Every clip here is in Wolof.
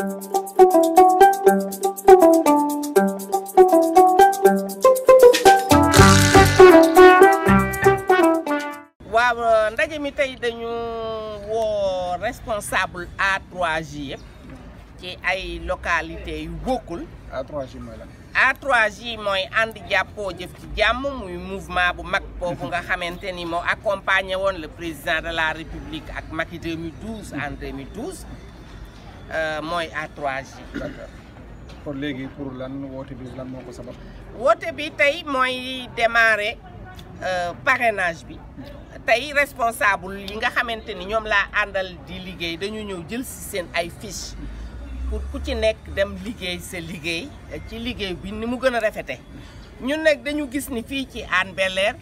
waaw ndaje mi tey dañu woo responsable A3J ci ay localités yu bokkul. A3J mooy lan. A3J ànd jàppoo jëf ci jàmm muy mouvement bu mag boobu nga xamante ni moo accompagné woon le président de la république ak Macky 2012 Euh, mooy a 3 pour léegi pour lan woote bi lan moo ko sabab. woote bi tey mooy démarrer euh, parrainage bi tey responsable yi nga xamante ni ñoom laa àndal di liggéey dañu ñëw jël seen ay fiche pour ku ci nekk dem liggéey sa liggéey ci liggéey bi ni mu gën a rafete ñun nag dañu gis ni fii ci Hann Bel-Air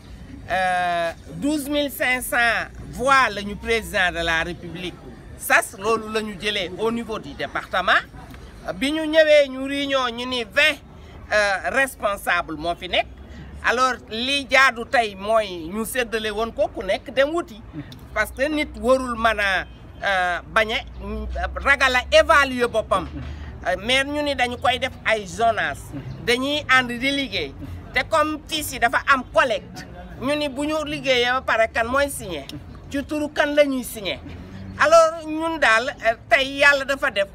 euh, douze mille cinq cent voix la ñu président de la république. sas loolu la ñu jëlee au niveau di département bi ñu ñëwee ñu réunion ñu ni vingt euh, responsable moo fi nekk alors li jaadu tey mooy ñu séddale woon ko ku nekk dem wuti parce que nit warul mën a euh, bañ a ragal a évaluer boppam mais ñu ni dañu koy def ay zonage dañuy ànd di liggéey te comme tiis yi dafa am collecte ñu ni bu ñu liggéeyee ba pare kan mooy signé ci turu kan la ñuy signé alors ñun daal eh, tey yàlla dafa def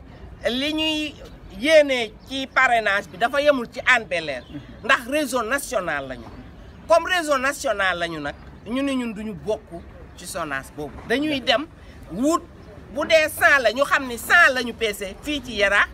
li ñuy yéene ci parrainage bi dafa yemul ci Hann bel mhm. ndax réseau national lañu comme réseau national lañu nag ñu ne ñun duñu bokk ci Sonace boobu dañuy dem wut bu dee 100 la ñu xam ni 100 la ñu peese fii ci Yara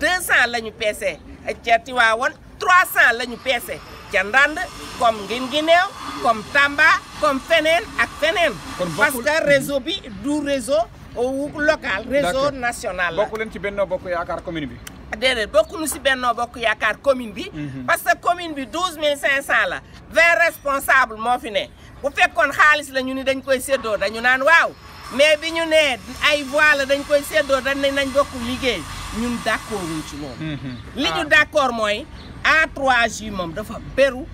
200 la ñu peese ca Tiwaawan 300 la ñu peese ca Ndande comme Guinguinéo comme Tamba comme feneen ak feneen parce réseau bi du réseau au local réseau national la bokk leen ci Benno Bokk Yaakaar commune bi déedéet bokkuñu si Benno Bokk Yaakaar commune bi mhm. parce que commune bi douze mille cinq cent la vingt responsable moo fi ne bu fekkoon xaalis la ñu ni dañ koy séddoo dañu naan waaw mais bi ñu nee ay voile dañ koy séddoo dañ ne nañ bokk liggéey ñun d' accord wuñ ci loolu mhm. li ñu ah. d' accord mooy A3J moom dafa beru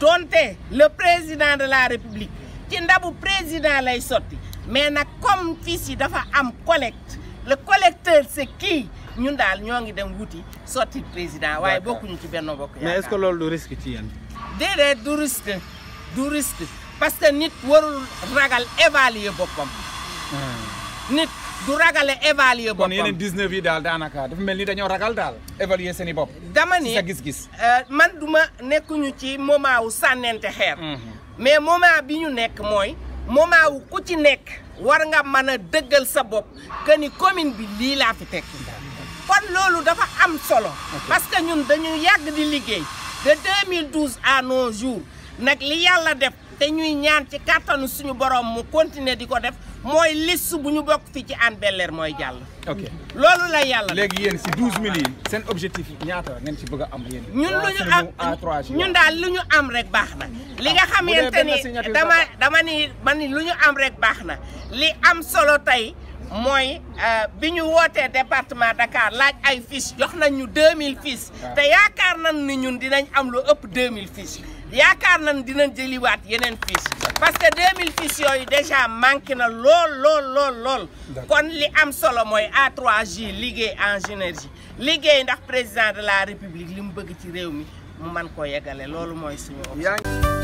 donte le président de la république ci ndabu président lay sotti mais nag comme fils yi dafa am collecte le collecteur c'est qui ñun daal ñoo ngi dem wuti sotti président waaye bokkuñu ci benn bokk yaakaar mais est-ce que loolu du risque ci yéen. déedéet du risque du parce que nit warul ragal évaluer boppam. Hmm. nit du ragale évaluer boppam kon yeneen 19 yi daal daanaka mel ni dañoo ragal daal évaluer seen i bopp. dama ni sa gis-gis. Euh, man duma nekkuñu ci moment wu sànnente xeer. Hmm. mais moment bi ñu nekk mooy. moment ku ci nekk war nga mën a dëggal sa bopp que ni commune bi lii laa fi tekki kon loolu dafa am solo parce que ñun dañu yàgg di liggéey de 2012 à nos jours nag li yàlla def te ñuy ñaan ci kàttanu suñu borom mu continuer di ko def mooy liste bu ñu bokk fii ci Hann bel mooy jàll. ok loolu la yàlla. léegi yéen si douze mille yi seen objectif yi ñaata ngeen ci bëgg a am yéen. ñun lu ñu am ñun daal lu ñu am rek baax na. Ah. li nga xamante ni dama dama ni man lu ñu am rek baax na li am solo tey. mooy euh, bi ñu wootee département Dakar laaj ay fiches jox nañ ñu 2000 fiches te yaakaar nañ ni ñun dinañ am loo ëpp 2000 fiches yaakaar nañ dinañ jëliwaat yeneen fiches parce que 2000 fiches yooyu déjà manqué na lool lool lool kon li am solo mooy A3J liggéey en synergie liggéey ndax président de la république li mu bëgg ci réew mi mu mën ko yeggale loolu mooy suñu